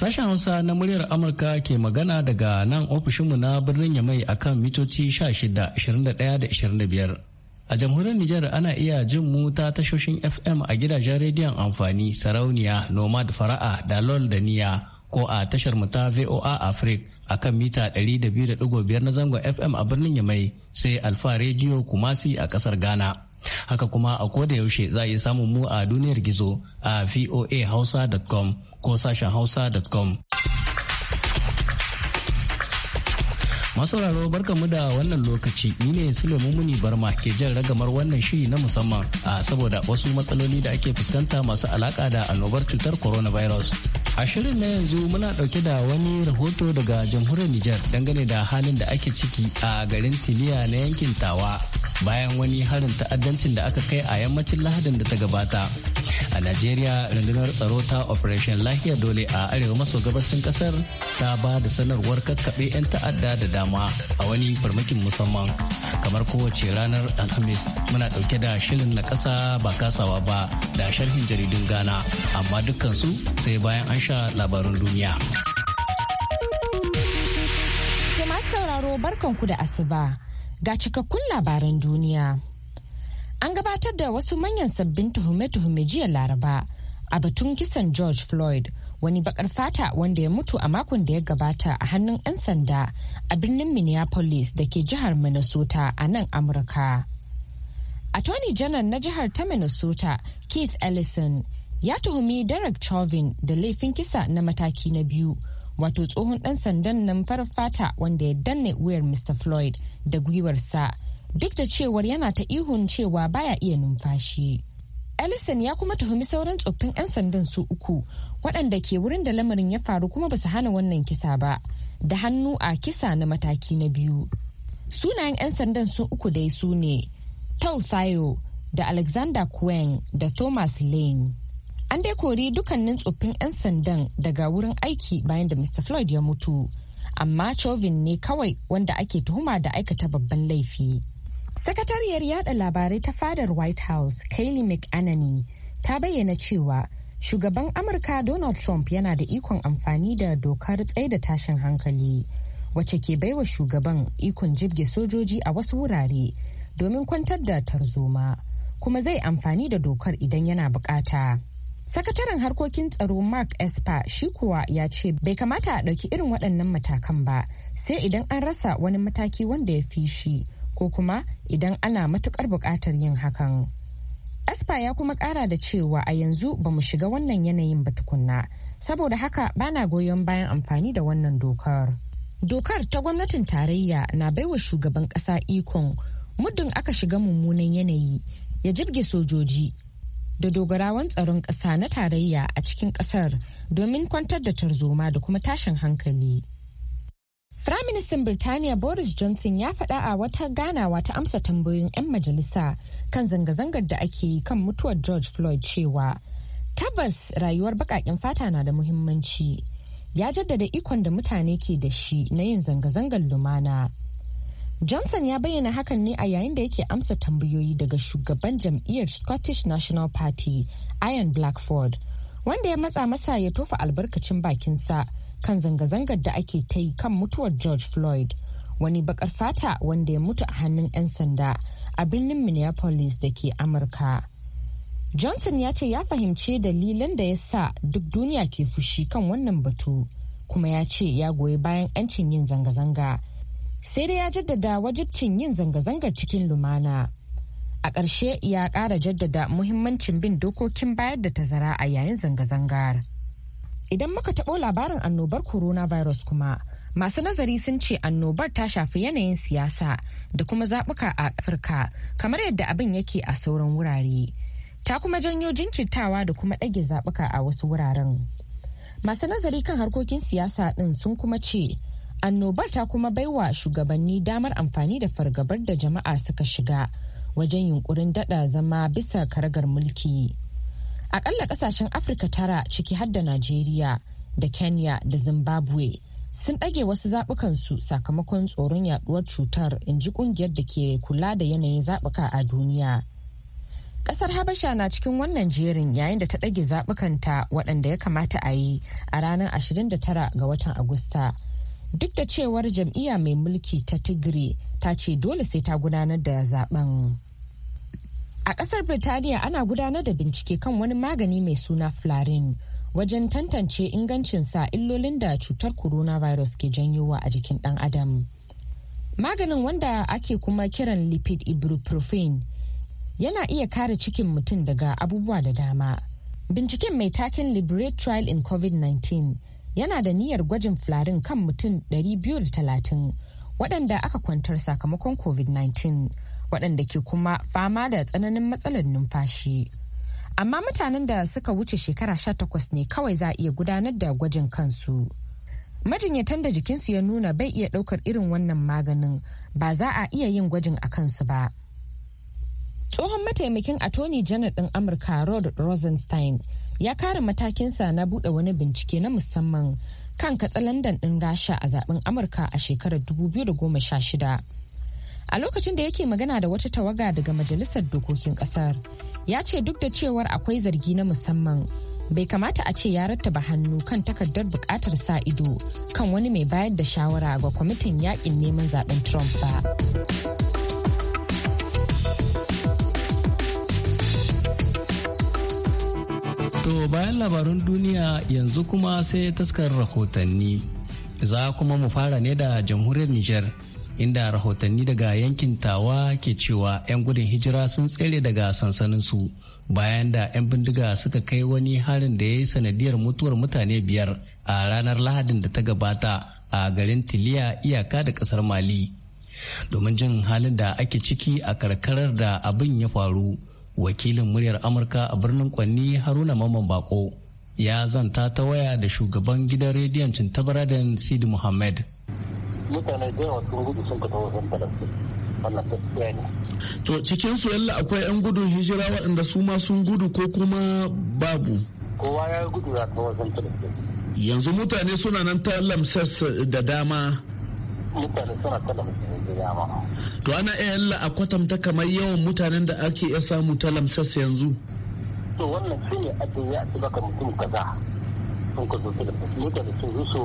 Sashen Hausa na muryar Amurka ke magana daga nan ofishinmu na birnin Yamai akan mitoci 16, 21 da 25. A jamhuriyar Nijar ana iya jin mu ta tashoshin FM a gidajen rediyon amfani sarauniya, nomad fara'a, dalol da niya ko a tashar mu ta VOA Africa akan mita 200.5 na zangon FM a birnin Yamai sai Alfa rediyo Kumasi a kasar Ghana. Haka kuma a koda yaushe za a iya samun mu a duniyar gizo a voahausa.com ko sashen hausa.com. masauraro barkamu da wannan lokaci ni ne Suleiman Muni Barma ke jan ragamar wannan shiri na musamman a saboda wasu matsaloli da ake fuskanta masu alaka da annobar cutar coronavirus. A shirin na yanzu muna dauke da wani rahoto daga jamhuriyar Nijar dangane da halin da ake ciki a garin Tiliya na yankin Tawa bayan wani harin ta'addancin da aka kai a yammacin lahadin da ta gabata a najeriya rundunar tsaro ta operation lahiya dole a arewa maso gabasin kasar ta ba da sanarwar kakkaɓe 'yan ta'adda da dama a wani farmakin musamman kamar kowace ranar alhamis muna ɗauke da shirin na ƙasa ba kasawa ba da sharhin jaridun ghana amma dukkansu sai bayan an sha labarin duniya sauraro barkanku da asuba ga cikakkun labaran duniya. An gabatar da wasu manyan sabbin tuhume-tuhume jiya Laraba a batun kisan George Floyd, wani bakar fata wanda ya mutu a makon da ya gabata a hannun 'yan sanda a birnin Minneapolis da ke jihar Minnesota a nan Amurka. Attorney General na jihar ta Minnesota, Keith Ellison, ya tuhumi Derek Chauvin da laifin kisa na mataki na biyu. wato tsohon ɗan sandan nan farar fata wanda ya danne wuyar mr floyd da gwiwarsa duk da cewar yana ta ihun cewa baya iya numfashi ellison ya kuma tuhumi sauran tsoffin 'yan sandan su uku waɗanda ke wurin da lamarin ya faru kuma ba su hana wannan kisa ba da hannu a kisa na mataki na biyu sunayen 'yan sandan su uku dai su ne tau thayo da alexander Kwen da thomas lane An dai kori dukkanin tsoffin 'yan sandan daga wurin aiki bayan da Mr. Floyd ya mutu. Amma Chauvin ne kawai wanda ake tuhuma da aikata babban laifi. Sakatariyar yada labarai ta fadar White House, Kayleigh McAnany, ta bayyana cewa shugaban Amurka Donald Trump yana da ikon amfani da dokar tsaida tashin hankali, wacce ke baiwa shugaban ikon jibge sojoji a wasu wurare domin kwantar da tarzoma, kuma zai amfani da dokar idan yana bukata. Sakataren harkokin tsaro Mark Esper shi kuwa ya ce bai kamata a ɗauki irin waɗannan matakan ba sai idan an rasa wani mataki wanda ya fi shi ko kuma idan ana matukar buƙatar yin hakan. Esper ya kuma ƙara da cewa a yanzu ba mu shiga wannan yanayin ba tukunna saboda haka bana goyon bayan amfani da wannan dokar. Dokar ta gwamnatin tarayya na baiwa shugaban ƙasa ikon muddin aka shiga mummunan yanayi ya jibge sojoji da dogarawan tsaron ƙasa na tarayya a cikin ƙasar domin kwantar da tarzoma da kuma tashin hankali. Firaministan Birtaniya Boris Johnson ya faɗa a wata ganawa ta amsa tambayoyin 'yan majalisa kan zanga-zangar da ake yi kan mutuwar George Floyd cewa tabbas rayuwar baƙaƙen fata na da muhimmanci. Ya jaddada ikon da mutane ke da shi na yin zanga-zangar lumana. Johnson ya bayyana hakan ne a yayin da yake amsa tambayoyi daga shugaban jam'iyyar Scottish National Party, Ian Blackford, wanda ya matsa masa ya tofa albarkacin bakinsa kan zanga-zangar da ake ta yi kan mutuwar George Floyd, wani bakar fata wanda ya mutu a hannun 'yan sanda a birnin Minneapolis da ke Amurka. Johnson ya ce ya fahimci dalilan da ya sa duk duniya ke fushi kan wannan batu, kuma ya ce ya goyi bayan 'yancin yin zanga-zanga. sai dai ya jaddada wajibcin yin zanga-zangar cikin lumana a ƙarshe ya ƙara jaddada muhimmancin bin dokokin bayar da tazara a yayin zanga-zangar idan muka taɓo labarin annobar coronavirus kuma masu nazari sun ce annobar ta shafi yanayin siyasa da kuma zaɓuka a afirka kamar yadda abin yake a sauran wurare ta kuma janyo jinkirtawa da kuma ɗage zaɓuka a wasu wuraren masu nazari kan harkokin siyasa ɗin sun kuma ce annobar ta kuma baiwa shugabanni damar amfani da fargabar da jama'a suka shiga wajen yunkurin dada zama bisa karagar mulki akalla kasashen afirka tara ciki har da najeriya da kenya da zimbabwe sun ɗage wasu zaɓukansu sakamakon tsoron yaduwar cutar in ji ƙungiyar da ke kula da yanayin zaɓuka a duniya ƙasar Habasha na cikin wannan jerin yayin da ta ɗage zaɓukanta waɗanda ya kamata a yi a ranar 29 ga watan Agusta duk da cewar jam'iyya mai mulki ta tigiri ta ce dole sai ta gudanar da zaben a kasar birtaniya ana gudanar da bincike kan wani magani mai suna flarin wajen tantance ingancinsa illolin da cutar coronavirus ke janyowa a jikin dan adam maganin wanda ake kuma kiran lipid ibuprofen yana iya kare cikin mutum daga abubuwa da dama binciken mai takin liberate trial in covid-19 yana da niyyar gwajin fularin kan mutum 230 waɗanda aka kwantar sakamakon covid-19 waɗanda ke kuma fama da tsananin matsalar numfashi amma mutanen da suka wuce shekara 18 ne kawai za a iya gudanar da gwajin kansu majinyatan da jikinsu ya nuna bai iya ɗaukar irin wannan maganin ba za a iya yin gwajin a kansu ba tsohon mataimakin a tony janar ɗin amurka rod rosenstein ya kare matakinsa na buɗe wani bincike na musamman kan katsalandan ɗin rasha a zaben amurka a shekarar 2016 a lokacin da yake magana da wata tawaga daga majalisar dokokin ƙasar ya ce duk da cewar akwai zargi na musamman bai kamata a ce ya rattaba hannu kan takardar bukatar sa ido kan wani mai bayar da shawara ga kwamitin yakin neman zaben trump ba To bayan labarun duniya yanzu kuma sai taskar rahotanni. Za kuma mu fara ne da jamhuriyar Nijar inda rahotanni daga yankin tawa ke cewa 'yan gudun hijira sun tsere daga sansaninsu bayan da 'yan bindiga suka kai wani harin da ya yi sanadiyar mutuwar mutane biyar a ranar lahadin da ta gabata a garin tiliya iyaka da kasar mali domin jin halin da ake ciki a karkarar da abin ya faru wakilin muryar amurka a birnin kwanni haruna mamman bako ya zanta ta waya da shugaban gidan rediyon cintabaradan sidi muhammad mutane da yawa sun gudu sun fita wajen falastin To cikin su yalla akwai 'yan gudun hijira waɗanda su ma sun gudu ko kuma babu. Kowa ya gudu ya kawo Yanzu mutane suna nan ta Lamsas da dama mutane suna talamsin da yawa. To ana iya yalla a kwatanta kamar yawan mutanen da ake iya samu lamsas yanzu. To wannan shi ne ake yi a ci baka mutum kaza sun ka zo talamsas mutane sun zo so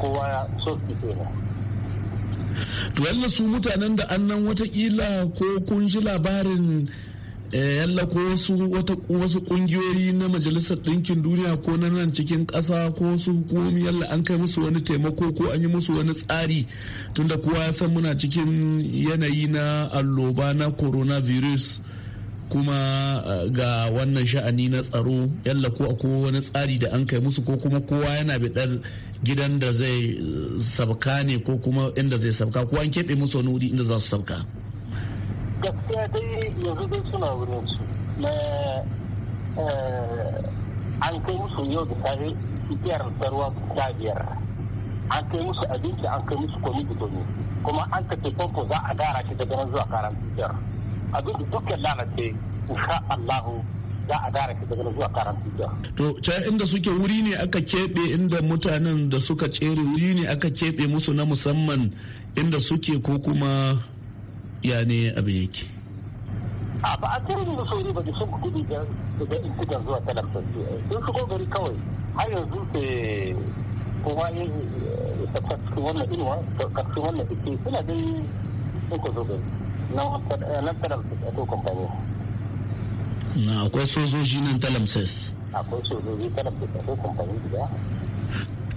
kowa ya so su ke ne. To yalla su mutanen da annan watakila ko kun ji labarin Eh, yallako wasu wata wasu kungiyoyi na majalisar ɗinkin duniya ko na nan cikin ƙasa ko wasu hukumomi yalla an kai musu wani taimako ko an yi musu wani tsari tunda kowa ya san muna cikin yanayi na alloba na coronavirus kuma eh, ga wannan sha'ani na tsaro yalla ko akwai wani tsari da an kai musu ko kuma kowa yana biɗar gidan da zai eh, sabka ne ko kuma inda zai sabka ko an keɓe musu wani wuri inda za su sabka. gaskiya dai yanzu dai suna wurin su na eh, an kai musu yau da safe igiyar tsarwa ta biyar an kai musu abinci an kai musu komi da domin kuma an tafi famfo za a gara shi daga nan zuwa karan biyar abin da dukkan lalace insha Allahu za a gara shi daga nan zuwa karan biyar. To cewa inda suke wuri ne aka keɓe inda mutanen da suka tsere wuri ne aka keɓe musu na musamman inda suke ko kuma ya ne abin yake a ba a canji da sauri ba da sun gudu da da zuwa ta talabtar sun shigo gari kawai har yanzu ke kuma yi tafaskin wannan inuwa tafaskin wannan ike suna dai sun ka zo gari nan talamsis a to kamfani na akwai sojoji nan ta talamsis akwai sojoji ta talamsis a to kamfani gida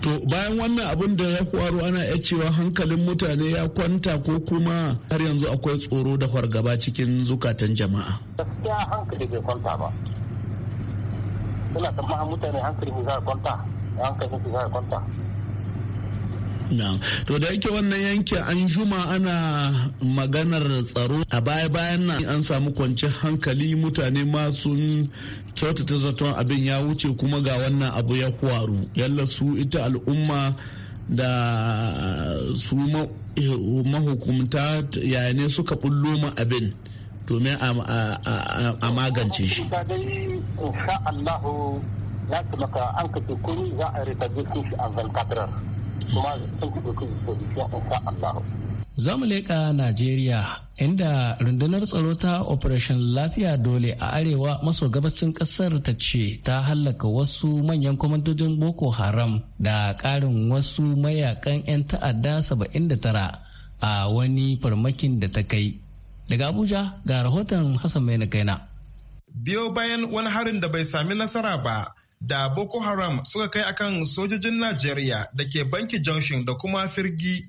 to bayan wannan abin da ya faru ana iya cewa hankalin mutane ya kwanta ko kuma har yanzu akwai tsoro da fargaba cikin zukatan jama'a gaskiya hankali bai kwanta ba ina tsammanin mutane hankali bai za kwanta hankali bai za kwanta to da yake wannan yanki an juma ana maganar tsaro a baya bayan nan an samu kwanci hankali mutane ma sun kyautata zaton abin ya wuce kuma ga wannan abu ya kwaru yalla su ita al'umma da su mahukumta yayane suka bullo ma abin domin a magance shi. Insha Allah maka an kace kuri za a rika shi a Valkatrar. kuma Za mu leƙa Najeriya inda rundunar tsaro ta Operation Lafiya Dole a arewa maso gabashin ƙasar ta ce ta hallaka wasu manyan kwamandojin Boko Haram da ƙarin wasu mayakan 'yan ta'adda 79 a wani farmakin da ta kai. Daga Abuja ga rahoton Hassan Maina Kaina. Biyo bayan wani harin da bai sami nasara ba, da Boko Haram suka kai akan sojojin Najeriya da ke banki Junction da kuma Firgi.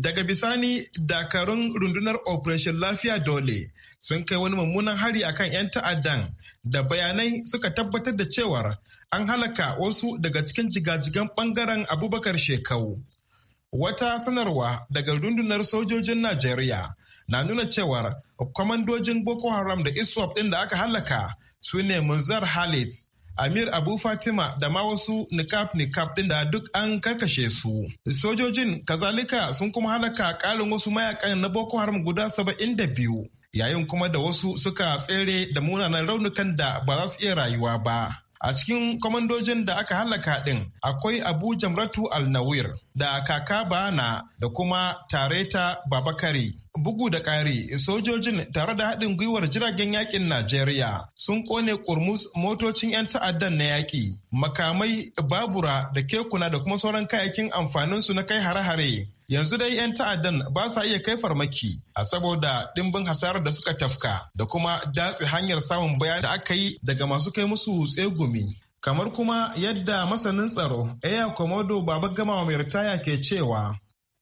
Daga bisani dakarun rundunar Operation Lafiya Dole sun kai wani mummunan hari akan 'yan ta'addan da bayanai suka tabbatar da cewar an halaka wasu daga cikin jigajigan bangaren abubakar shekau. Wata sanarwa daga rundunar sojojin Najeriya na nuna cewar kwamandojin Boko Haram da ISWAP ɗin da aka halaka su ne Munzar Halit Amir Abu Fatima da ma wasu nikaf-nikaf ɗin da duk an karkashe su. Sojojin kazalika sun kuma halaka ƙarin wasu mayakan na Boko Haram guda saba'in da biyu. Yayin kuma da wasu suka tsere da munanan raunukan da ba za su iya rayuwa ba. A cikin kwamandojin da aka halaka ɗin akwai Abu Jamratu nawir da Kaka Bana da kuma Tareta Babakari. Bugu da ƙari, sojojin tare da haɗin gwiwar jiragen yakin Najeriya sun kone kurmus motocin 'yan ta'addan na yaƙi, makamai, babura da kekuna da kuma sauran kayayyakin amfaninsu na kai hare-hare. Yanzu dai 'yan ta'addan ba sa iya kai farmaki a saboda ɗimbin hasarar da suka tafka da kuma datse hanyar samun bayan da aka yi daga masu kai musu tsegumi. kamar kuma yadda masanin tsaro Eya Komodo Baba Gama mai ritaya ke cewa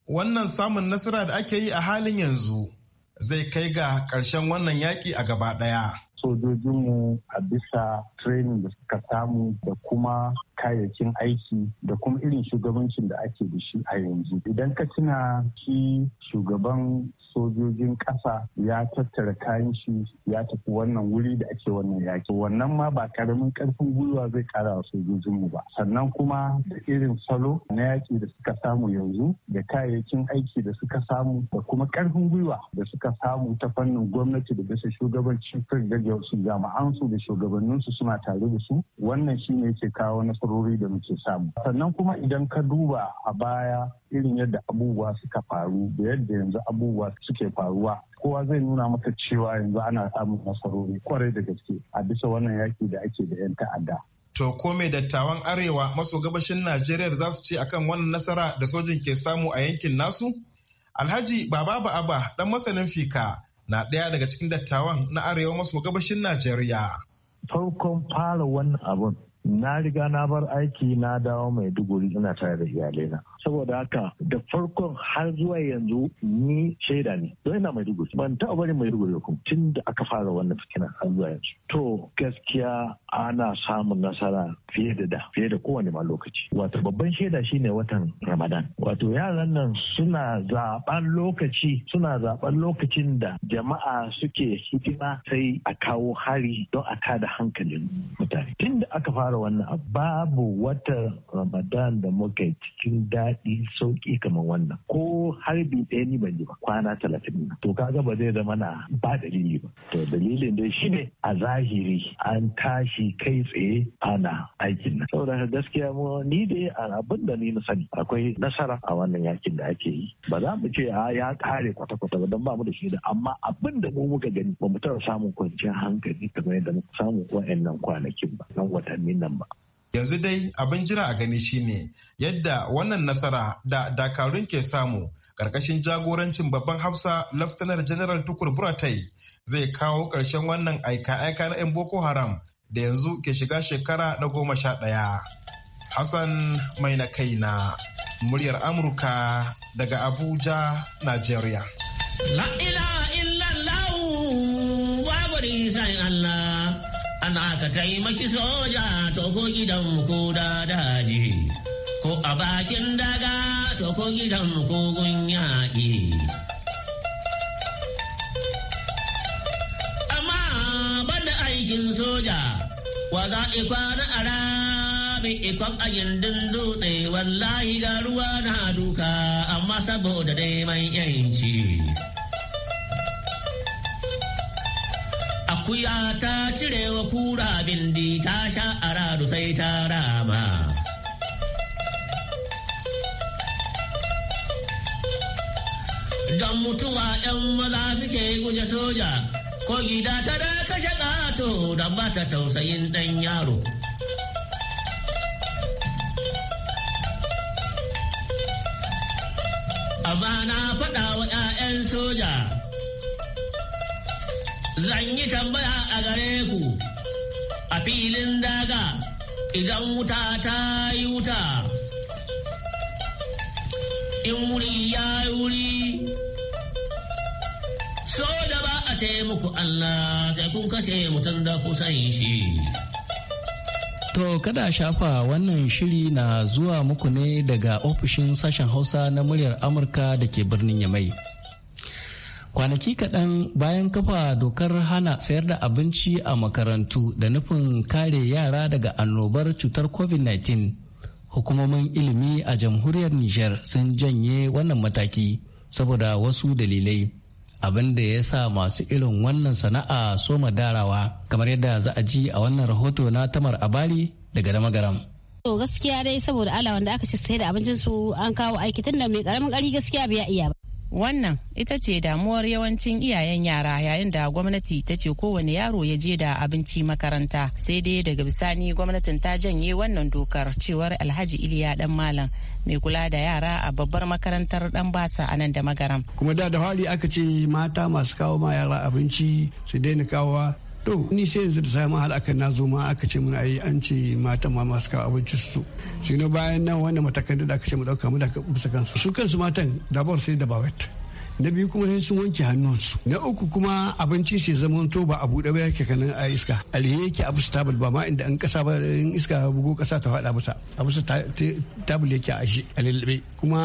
wannan samun nasara da ake yi a halin yanzu zai kai ga ƙarshen wannan yaƙi a gaba ɗaya. Sojojinmu a bisa training da suka samu da kuma kayayyakin aiki da kuma irin shugabancin da ake da shi a yanzu idan ka tuna shi shugaban sojojin ƙasa ya tattara kayan shi ya tafi wannan wuri da ake wannan yaki wannan ma ba karamin karfin gwiwa zai kara wa sojojin mu ba sannan kuma da irin salo na yaki da suka samu yanzu da kayayyakin aiki da suka samu da kuma karfin gwiwa da suka samu ta fannin gwamnati da bisa shugabancin firgagiyar su jama'ansu da shugabanninsu suna tare da su wannan shine ke kawo nasara nasarori da muke samu sannan kuma idan ka duba a baya irin yadda abubuwa suka faru da yadda yanzu abubuwa suke faruwa kowa zai nuna maka cewa yanzu ana samun nasarori kwarai da gaske a bisa wannan yaki da ake da 'yan ta'adda To ko mai dattawan arewa maso gabashin Najeriya za su ce akan wannan nasara da sojin ke samu a yankin nasu? Alhaji Baba Ba'aba dan masanin fika na ɗaya daga cikin dattawan na arewa maso gabashin Najeriya. Farkon fara wannan abun na riga na bar aiki na dawo mai duguri ina tare da iyalena saboda haka da farkon har zuwa yanzu ni shaida ne don ina mai duguri ban taɓa bari mai duguri kuma tun da aka fara wannan fikina har zuwa yanzu to gaskiya ana samun nasara fiye da da fiye da kowane ma lokaci wato babban shaida shine watan ramadan wato yaran nan suna zaɓan lokaci suna zaɓan lokacin da jama'a suke hidima sai a kawo hari don a tada hankalin mutane tun da aka fara fara wannan babu wata ramadan da muka cikin daɗi sauƙi kamar wannan ko harbi ɗaya ni ban yi ba kwana talatin to kaga ba zai zama na ba dalili ba to dalilin dai shine a zahiri an tashi kai tsaye ana aikin nan saboda gaskiya mu ni dai a abin da ni na sani akwai nasara a wannan yakin da ake yi ba za mu ce a ya kare kwata-kwata ba don ba mu da shi da amma abin da mu muka gani ba mu taɓa samun kwanciyar hankali kamar yadda muka samu wa'annan kwanakin ba nan watannin nan ba. Yanzu dai abin jira a gani shine yadda wannan nasara da dakarun ke samu ƙarƙashin jagorancin babban hafsa laftanar general tukur buratai zai kawo ƙarshen wannan aika-aika na 'yan boko haram da yanzu ke shiga shekara na goma sha ɗaya. Hassan mai na kai na muryar Amurka daga Abuja, Najeriya. ka taimaki soja to ko gidan ko da daji ko a bakin daga to ko gidan gun yaƙi. Amma banda aikin soja wa za a kwana a rami ikon a gindin dutse wallahi ga ruwa na duka amma saboda dai mai yanci. Akuya ta cire wa kura bindi ta sha a aradu sai ta rama. Don mutuwa ‘yan maza suke guje soja, ko gida ta da kashe ƙato da ba ta tausayin ɗan yaro. Amma na faɗa wa ‘ya'yan soja. zan yi tambaya a gare ku a filin daga idan wuta ta yi wuta in wuri ya yi wuri so da ba a taimako Allah sai kun kashe mutum da kusan shi To kada shafa wannan shiri na zuwa muku ne daga ofishin sashen Hausa na muryar Amurka da ke birnin Yamai. kwanaki kaɗan bayan kafa dokar hana sayar da abinci a makarantu da nufin kare yara daga annobar cutar covid-19 hukumomin ilimi a jamhuriyar nijar sun janye wannan mataki saboda wasu dalilai abin da ya sa masu irin wannan sana'a soma darawa kamar yadda za a ji a wannan rahoto na tamar abali daga dama garam to gaskiya dai saboda ala wanda aka ci sai da abincin su an kawo aiki tun da mai karamin kari gaskiya bai iya Wannan ita ce damuwar yawancin iyayen yara yayin da gwamnati ta ce kowane yaro ya je da abinci makaranta. Sai dai daga bisani gwamnatin ta janye wannan dokar cewar Alhaji Iliya dan Malam mai kula da yara a babbar makarantar dan basa a nan da magaram. Kuma da da hali aka ce mata masu kawo ma yara abinci su daina kawowa to ni sai yanzu da samun hal aka na zo ma aka ce mun ayi an ce mata ma masu kawo abinci su shine bayan nan wannan matakan da aka ce mu dauka mu da bisa kansu su kansu matan dabar sai da bawet na biyu kuma sai sun wanke hannunsu na uku kuma abinci sai zaman to ba a buɗe ba yake kanan a iska alhe yake abu stable ba ma inda an kasa ba in iska bugo kasa ta fada musa a stable yake a shi a kuma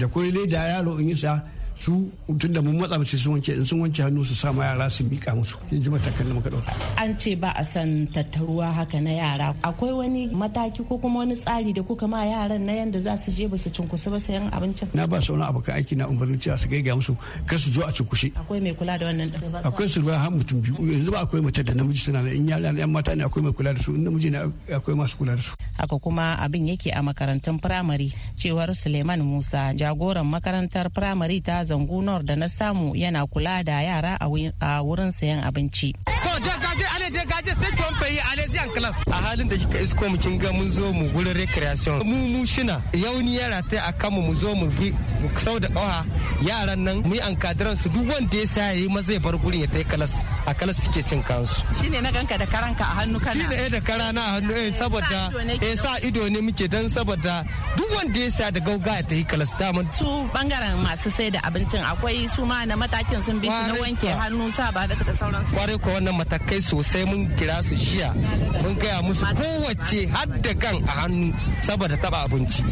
da koyi leda yaro in sa. su tun da mun matsa ba sun wanke in sun wanke hannu su sama yara su mika musu in ji matakan da muka dauka an ce ba a san tattaruwa haka na yara akwai wani mataki ko kuma wani tsari da kuka ma yaran na yanda za su je ba su cinkusu ba sayan abincin na ba sauran abokan aiki na umarni cewa su gaiga musu kar su zo a cinkushe akwai mai kula da wannan akwai su ba har mutum biyu yanzu ba akwai mace da namiji suna in yara yan mata ne akwai mai kula da su in namiji ne akwai masu kula da su haka kuma abin yake a makarantun firamare cewar Suleiman Musa jagoran makarantar firamare ta zangunar nor da na samu yana kula da yara a wurin sayan abinci. To bai yi alezian klas a halin da kika isko mu kin ga mun zo mu gurin recreation mu mu shina yauni yara ta a kan mu zo mu bi sau da ƙawa yaran nan mu yi an kadiran su duk wanda ya sa yayi maza ya bar gurin ya tai kalas a kalas suke cin kansu shine na ganka da karanka a hannu kana shine eh da karana a hannu eh saboda eh sa ido ne muke dan saboda duk wanda ya sa da gauga ya tai kalas mun su bangaren masu sai da abincin akwai su ma na matakin sun bi shi na wanke hannu sa ba da sauransu kware ko wannan matakai sosai mun kira su jiya mun gaya musu kowace hadda kan a hannu saboda taba abinci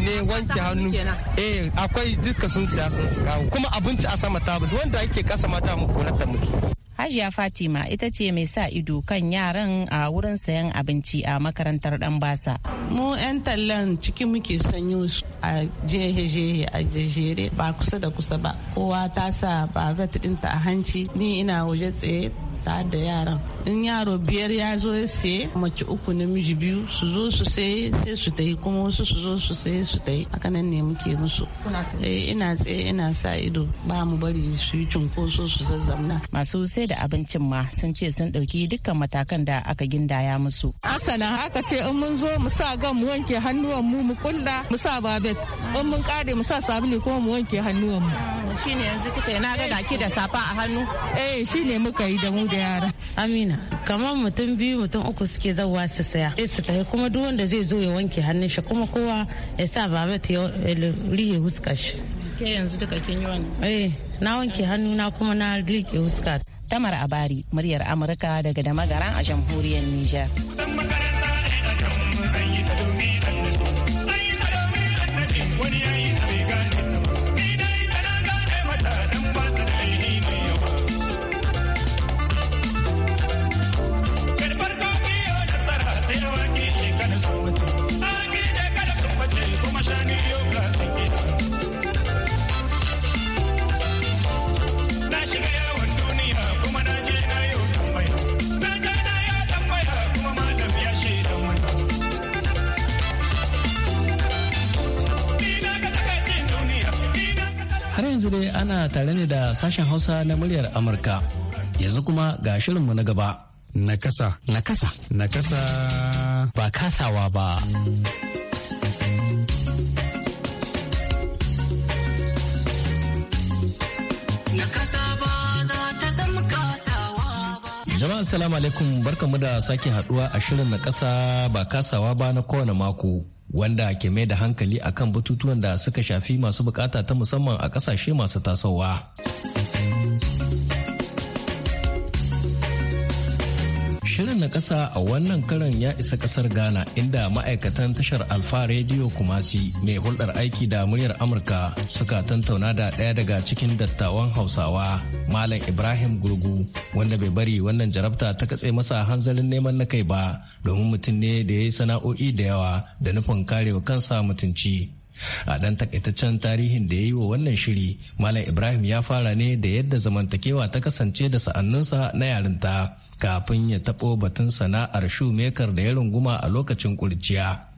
ne wanke hannu eh akwai duka sun siya sun kawo kuma abinci a sama tabu wanda ake kasa mata mu kulatta muke Hajiya Fatima ita ce mai sa ido kan yaran a wurin sayan abinci a makarantar dan basa. Mu 'yan tallan ciki muke sanyo a jehe-jehe a jejere ba kusa da kusa ba. Kowa ta sa bavet ɗinta a hanci ni ina waje tsaye tare da yaran in yaro biyar ya zo ya siye mace uku namiji biyu su zo su sai sai su tayi kuma wasu su zo su sai su tayi haka nan ne muke musu eh ina tsaye ina sa ido ba mu bari su yi cunkoso su zazzamna masu sai da abincin ma sun ce sun dauki dukkan matakan da aka gindaya musu asana haka ce in mun zo mu sa gan mu wanke hannuwan mu mu kulla mu sa babet in mun kare mu sa sabulu kuma mu wanke hannuwan mu shine yanzu kuka yi na ga gaki da safa a hannu eh shine muka yi da mu da yara amina kamar mutum biyu mutum uku suke zawa su saya sai eh, su tafi kuma duk wanda zai zo ya wanke hannun shi kuma kowa ya sa baba ta rihe huska shi ke yanzu duka kin yi wannan eh na wanke hannu na kuma na rike huska tamar abari muryar amurka daga da magaran a jamhuriyar niger tare ne da sashen Hausa na muryar Amurka. Yanzu kuma ga shirinmu na gaba. na na kasa. kasa. na kasa. Ba kasawa ba. Jama'a salamu alaikum barkamu da sake haduwa a shirin na kasa ba kasawa ba na kowane mako wanda ke mai da hankali akan batutuwan da suka shafi masu bukata ta musamman a kasashe masu tasowa. na ƙasa a wannan karan ya isa kasar Ghana inda ma'aikatan tashar Alfa rediyo Kumasi mai hulɗar aiki da muryar Amurka suka tantauna da ɗaya daga cikin dattawan Hausawa Malam Ibrahim Gurgu wanda bai bari wannan jarabta ta katse masa hanzalin neman na kai ba domin mutum ne da ya yi sana'o'i da yawa da nufin karewa kansa mutunci. a ɗan takaitaccen tarihin da ya yi wa wannan shiri malam ibrahim ya fara ne da yadda zamantakewa ta kasance da sa'anninsa na yarinta kafin ya taɓo batun sana'ar shoemaker da ya runguma a lokacin kurciya.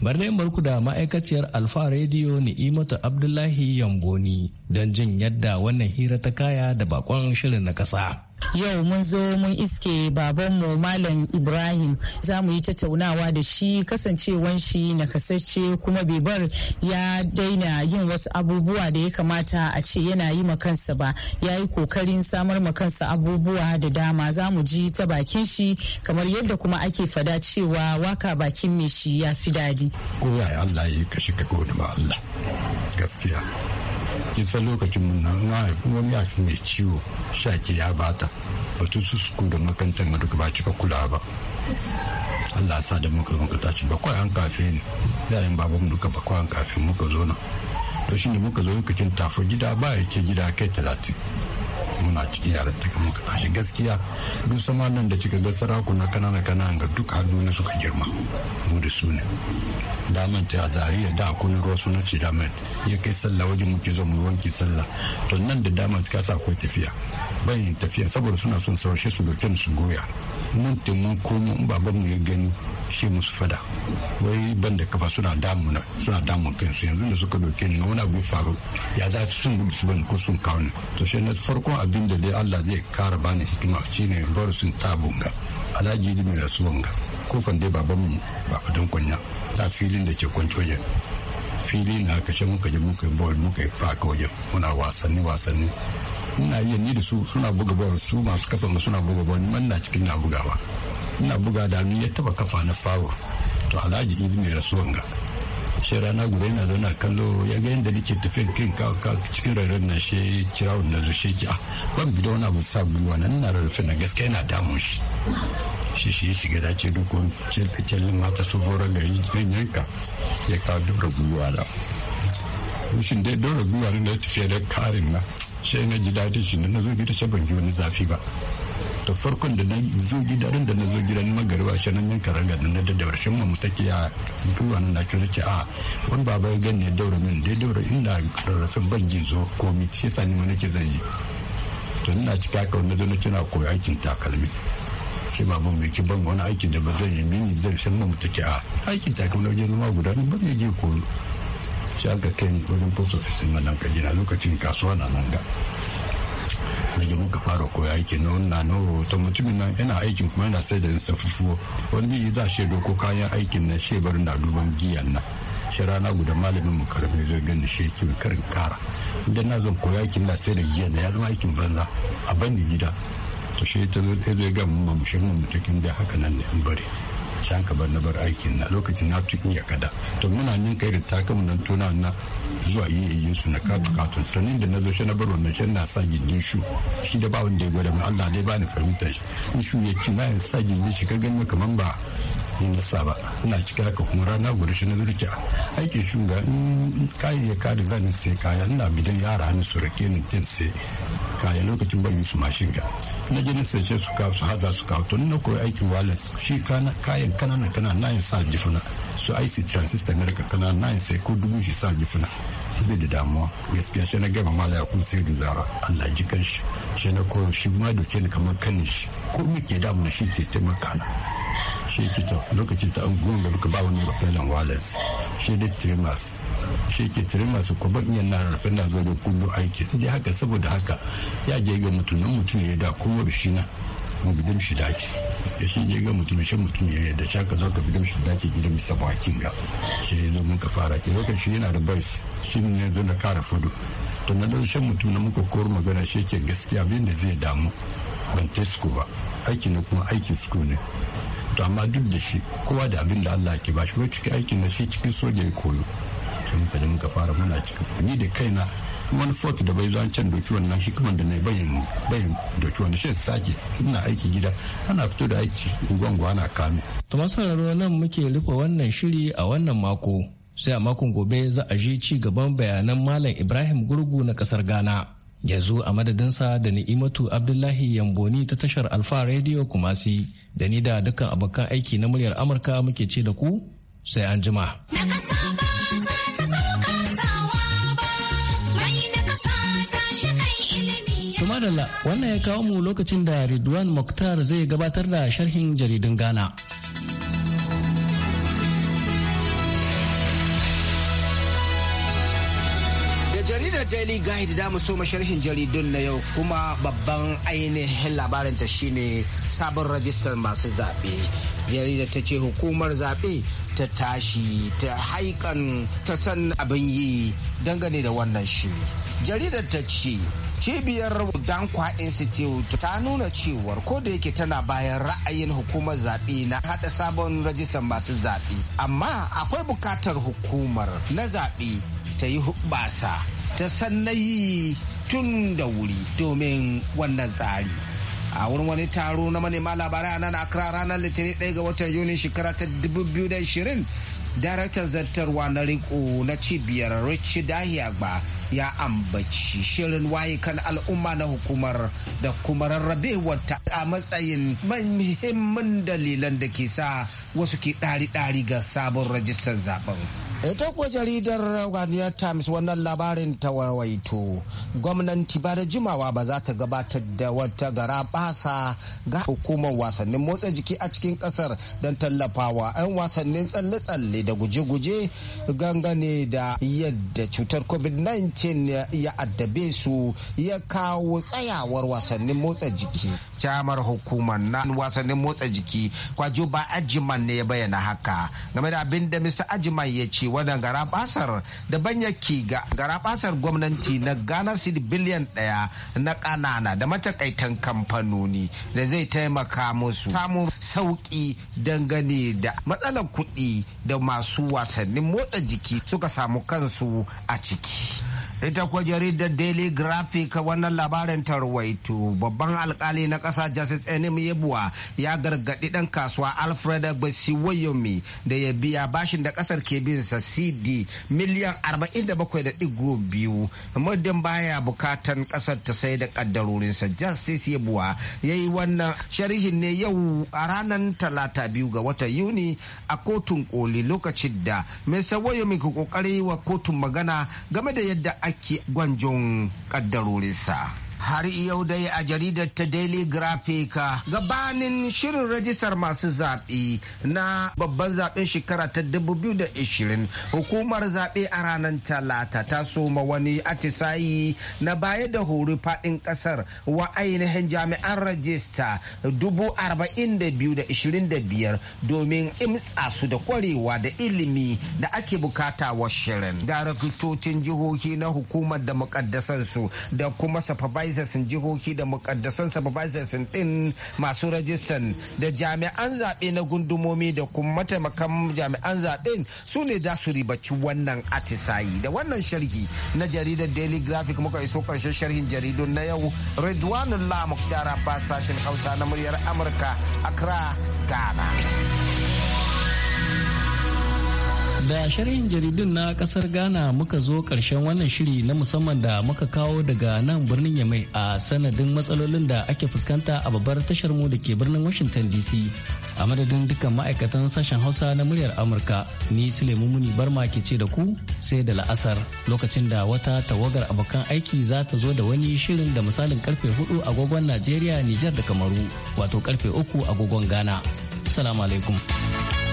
Barnayin barku da ma'aikaciyar Alfa Radio Ni'imatu Abdullahi Yamboni don jin yadda wannan hira ta kaya da bakon shirin na ƙasa. yau mun zo mun iske babanmu malam ibrahim za mu yi tattaunawa da shi kasancewan shi kasance kuma bebar ya daina yin wasu abubuwa da ya kamata a ce yana yi ma kansa ba ya yi kokarin samar ma kansa abubuwa da dama za mu ji ta bakin shi kamar yadda kuma ake fada cewa waka bakin mai shi ya fi dadi. Ko ya Allah ka gode ma Allah gaskiya. kisan lokacin mun nan na haifi wani yafi mai ciwo shaki ya bata batu su suku da makantan ga ba cika kula ba Allah sa da muka muka tashi bakwai an kafe ne yayin baban duka bakwai an kafe muka zo na to shine muka zo lokacin tafi gida ba ya gida kai talatin muna cikin yare take muka tashi gaskiya duk sama nan da cika ga sarakuna kanana kanana ga duk na suka girma mu da su ne daman ta zariya da kunin rosu na cidamet ya kai sallah wajen muke zo mu wanki sallah to nan da daman ka sa akwai tafiya bayan tafiya saboda suna son saurashe su dokin su goya mun mun komo in babanmu ya gani shi musu fada wai ban da kafa suna damu na suna damu kansu yanzu da suka doke ni wani abu faru ya za su sun gudu su bani ko sun kawo ni to shi na farkon abin da dai Allah zai kara bani hikima shine sun tabunga alhaji ilimi da suwanga kofan dai baban mu baba don kunya ta filin da ke kwanci wajen fili na kashe muka je muka yi ball muka yi park wajen muna wasanni wasanni muna yi ni da su suna buga bol su masu kafa suna buga ball man na cikin na bugawa ina buga da hannu ya taba kafa na fawo to alhaji ya rasuwan ga shi rana guda yana zauna kallo ya ga yadda nake tafiyan kin ka cikin rairar nan shi cirawun na zo shi ja ah, ban bi da wani abu sa gwiwa nan na rarrafe na gaskiya yana damun shi shi shi ya shiga da ce duk wani ta mata su fara gari yanka ya kawo dora gwiwa da shin dai dora gwiwa na tafiya da karin na shi na ji daɗin shi na zo gida shi ban ji wani zafi ba ta farkon da na zo gida da na zo gidan magariba shi nan yanka ranga da na daddaura shi mu take ya duwan na kira ce a wani baba ya gani ya daura min da daura ina rarrafin ban jin zo komi shi yasa ni ma nake zan yi to ina cika ka wani zan tuna koyi aikin takalmi sai baban mai ki ban wani aikin da ba zan yi mini zan san mu take a aikin takalmi wajen zama guda ni ban je koyo shi aka kai ni wajen post office nan ka gina lokacin kasuwa na nan ga na gina fara koya aiki na wannan na hoton mutumin nan yana aikin kuma yana sai da safufuwa wani za shi doko kayan aikin na shebar na duban giyan na shi rana guda malamin mu karfe zai gani shi ke karin kara inda na zan koya aikin na sai da giyan na ya zama aikin banza a bani gida to shi ta zo ɗaya zai gama mu shi mu mutukin da haka nan ne an bari shan ka bar na bar aikin na lokacin na tu iya kada to muna nin kai da takamu nan tuna na zuwa yayyayin su na katu katu to da na zo shi na bar wannan shi na sa gindin shu shi da ba wanda ya gwada mu Allah dai bani fahimta shi in shu ya ci na sa gindin shi ka gani kaman ba ni na saba ina cika ka kuma rana guda shi na zurciya aikin shunga in kayan ya kada zanin sai kaya ina bidan yara hannu su rake ni tin sai kaya lokacin ban yi su mashin ga na je na ce su kawo su haza su kawo tun na koyi aikin wallet shi kana kayan kanana kana na yin sa jifuna su IC transistor ne daga kana na yin sai ko dubu shi sa jifuna bai da damuwa gaskiya shi na gama mala ya sai da zara Allah ji kanshi shi na koyo shi ma doke ni kamar kanin shi ko ke damu na shi ke taimaka na shi ke ta lokacin ta gurin da duka ba wani rafelan wales shi da trimas shi ke trimas ko ban iya na na zo da kullu aiki da haka saboda haka ya je ga mutum nan mutum ya da kowa shi na mu bidin shi daki da shi je ga mutum shi mutum ya yadda shaka zo ka bidin shi daki gidan bisa bakin ga shi ya zo muka fara ke lokacin yana da boys shi ne zo na kara fudu to na shan mutum na muka koru magana shi ke gaskiya abin da zai damu ban tesco ba aiki na kuma aiki suko ne to amma duk da shi kowa da abin da Allah ke bashi wai cikin aikin da shi cikin soja ya koyo sai muka da muka fara muna cikin ni da kaina wani fort da bai zancen doki wannan hikiman da na bayan bayan doki wani shi sake ina aiki gida ana fito da aiki gwangwa ana kame. to masu nan muke rufe wannan shiri a wannan mako sai a makon gobe za a ji ci gaban bayanan malam ibrahim gurgu na kasar ghana yanzu a madadinsa da ni'imatu abdullahi yamboni ta tashar alfa radio kumasi da ni da dukkan abokan aiki na muryar amurka muke ce da ku sai an jima madalla wannan ya kawo mu lokacin da ridwan muktar zai gabatar da sharhin jaridun ghana Daily Guide da mu so sharhin jaridun na yau kuma babban ainihin labarinta shine sabon rajistar masu zaɓe. jarida ta ce hukumar zaɓe ta tashi ta haikan ta san abin yi dangane da wannan shiri jaridar ta ce cibiyar dankwa institute ta nuna cewar ko da yake tana bayan ra'ayin hukumar zaɓe na haɗa sabon rajistar masu zaɓe amma akwai bukatar hukumar na zaɓe ta yi huɓasa. ta sannayi tun da wuri domin wannan tsari a wurin wani taro na manema labarai a nan akra ranar litinin ɗaya ga watan yuni shekara ta 2020 daraktan zartarwa na riko na cibiyar richie dahiagba ya ambaci shirin waye kan al'umma na hukumar da kuma rarrabe wata. a matsayin muhimmin dalilan da ke sa wasu ke ɗari-ɗari ga sabon rajistar zaben. ita kuwa jaridar Ghanaian times wannan labarin ta warwaito gwamnati ba da jimawa ba za ta gabatar da wata gara basa ga hukumar wasannin motsa jiki a cikin kasar don tallafawa 'yan wasannin tsalle-tsalle da guje-guje gangane da yadda cutar covid-19 ya addabe su ya kawo tsayawar wasannin motsa jiki kyamar hukumar na wasannin motsa jiki kwajo ba ajiman ne ya bayyana haka game da abin da mr ajiman ya ce wadda gara basar da banya gara basar gwamnati na Ghana City biliyan ɗaya na ƙanana da matakaitan kamfanoni da zai taimaka musu samun sauƙi dangane da matsalar kuɗi da masu wasannin motsa jiki suka samu kansu a ciki. ita kuwa jaridar daily graphic wannan labarin tarwaito babban alkali na kasa justice enim yebuwa ya gargadi dan kasuwa alfred gbasiwayomi da ya biya bashin da kasar ke binsa cd miliyan 47.2 muddin baya bukatan kasar ta sai da kaddarorinsa justice yebuwa ya yi wannan sharihin ne yau a ranar talata biyu ga watan yuni a kotun koli lokacin da mai sawayomi ke kokari wa kotun magana game da yadda ake gwanjon ƙaddarorinsa har yau dai a jaridar ta daily graphic gabanin shirin rajistar masu zaɓe na babban zaɓen shekara ta 2020 hukumar zaɓe a ranar talata ta soma wani atisayi na baya da hori faɗin ƙasar wa ainihin jami'an rajista 42,025 domin imtsa su da kwarewa da ilimi da ake bukata wa shirin. Daraktocin jihohi na hukumar da mukaddasansu da kuma safabai supervisors jihohi da mukaddasan supervisors din masu rajistan da jami'an zaɓe na gundumomi da kuma mataimakan jami'an zaɓe su ne za su ribaci wannan atisayi da wannan sharhi na jaridar daily graphic muka iso karshen sharhin jaridun na yau redwanullah muktar abbas sashen hausa na muryar amurka accra ghana da shirin jaridun na kasar ghana muka zo karshen wannan shiri na musamman da muka kawo daga nan birnin yamai a sanadin matsalolin da ake fuskanta a babbar tashar mu da ke birnin washington dc a madadin dukkan ma'aikatan sashen hausa na muryar amurka ni sulemu muni barma ke ce da ku sai da la'asar lokacin da wata tawagar abokan aiki za ta zo da wani shirin da misalin karfe 4 agogon najeriya nijar da kamaru wato karfe 3 agogon ghana salamu alaikum